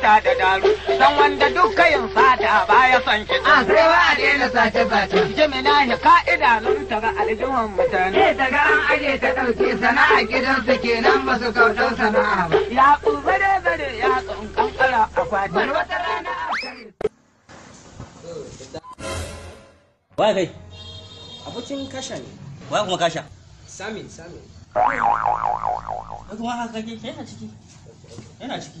sata da daru dan wanda duk fata sata ya son ki a ah, sai ba a daina sace sace jimina ya ka'ida nun ta ga aljihun mutane ne eh, ta ga an aje ta dauke sana'a su kenan ba su kautar sana'a ba ya kubare bare ya tsunkan kara akwati wani wata rana a kare Wai kai? abucin kasha ne. Wai kuma kasha? Samin, samin. kuma haka kake yana ciki. Yana ciki.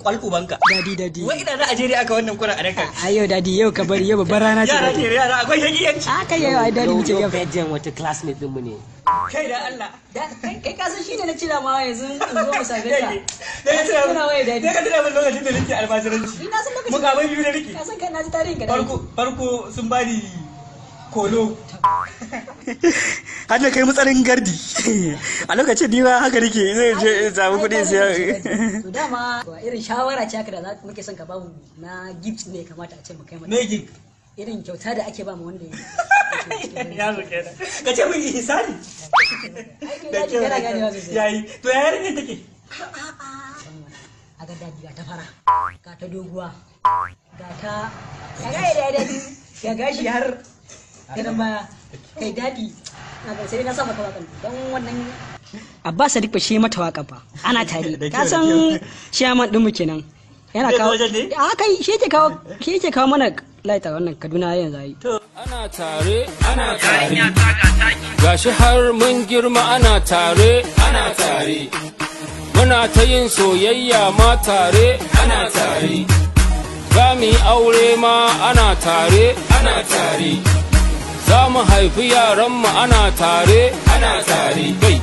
kwal ubanka dadi dadi wai ina za a je aka wannan kuran a nan kan ayo dadi yau ka bari yau babbar rana ce yara ke yara akwai yanki yanki a ah, kai yau ai dadi muke yau bedroom wata classmate din mu ne kai da Allah kai ka san shine na cira ma yanzu in zo mu sabe ka dai ka tana wai dadi ka tana mun lokacin da nake almajiranci ina san lokacin mukamai biyu da nake ka san kai na ji tarihin ka farko farko sun bani kolo har kai matsarin gardi a lokacin ni ma haka nake zai je kuɗi to dama irin shawara ce da muke son ka bamu na gift ne kamata a ce mu kai mata me gift irin kyauta da ake ba wanda ya zo kenan ka ce mun ihsani da kyau yayi to ya yarinya take a ga daji ga ta fara ga ta doguwa ga ta ga ga gashi har kai dadi sai na don wannan Sadiq ba shi mata waka ba ana tare ka san chairman din mu kenan yana kawo a kai shi yake kawo shi yake kawo mana laita wannan Kaduna yanzu ai ana tare ana tare gashi har mun girma ana tare ana tare muna ta yin soyayya ma tare ana tare za mu yi aure ma ana tare ana tare mu haifi yaranmu ana tare ana tare kai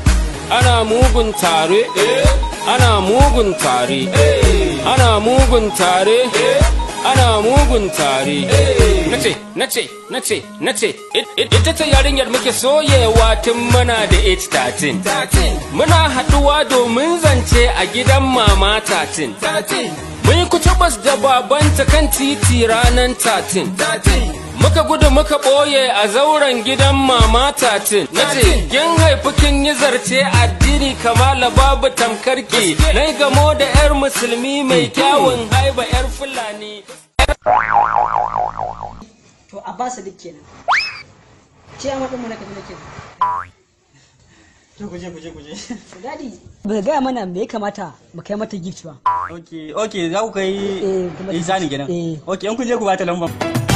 ana mugun tare eh. ana mugun tare eh. ana mugun tare eh. ana mugun tare nace nace nace nace ita ce yarinyar muke soyewa tun muna da age 13 muna haduwa domin zance a gidan mama 13 mun Abbas da babanta kan titi ranan tatin. Muka gudu muka ɓoye a zauren gidan mama tatin. Na ce, gin haifi kin yi zarce addini kamala babu tamkarki. Na gamo da 'yar musulmi mai mm-hmm. kyawun haiba 'yar Fulani. To duk kenan. Ce a maɗin mu na kaji kenan. kuje kuje kuje ba ga mana me ya kamata mu kai mata gift ba okay okay za ku kai eh zani gidan eh. okay in kun je ku bata lambar